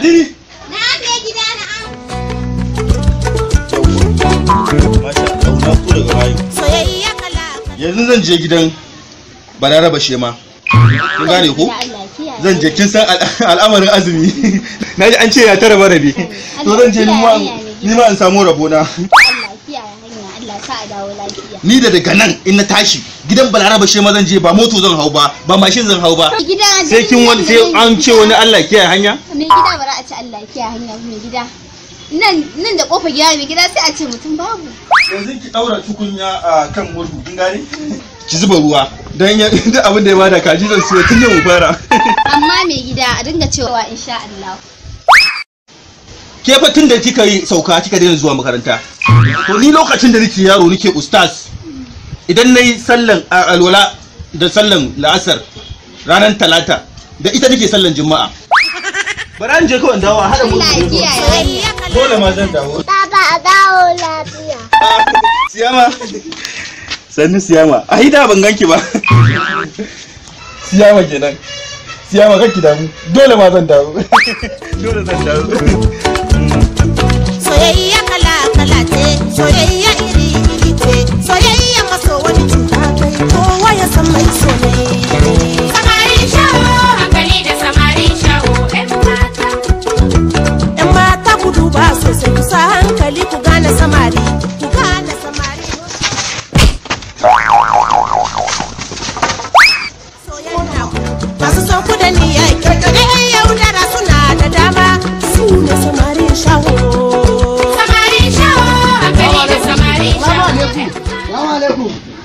Ladidi? Na me gida na na Yanzu zan je gidan Balaraba Shema. Kun gane ko? Zan je kin san al'amarin azumi. Na ji an ce ya tara bara To zan je ni ma in samu rabona. ni da daga nan in na tashi gidan balaraba shi ma zan je ba moto zan hau ba ba mashin zan hau ba sai kin wani sai an ce wani Allah kiyaye hanya me gida ba za a ce Allah kiyaye hanya me gida nan da kofar gida me gida sai a ce mutum babu yanzu ki daura tukunya a kan murhu kin gane ki zuba ruwa dan ya duk abin da ya bada kaji zan siya tun yau fara amma me gida a dinga cewa insha Allah ke fa tun da kika yi sauka kika daina zuwa makaranta to ni lokacin da nake yaro nake ustaz idan nayi sallan alwala da sallan la'asar ranar talata da ita nake sallan juma'a bari an je kawai dawo a mu dole ma zan dawo baba a dawo lafiya siyama sannu siyama a da ban ganki ba siyama kenan siya ma kanki damu dole ma zan dawo dole zan dawo soyayya kala kala ce soyayya iri iri ce soyayya maso wani cuta kai kowa ya san mai soyayya samarin shawo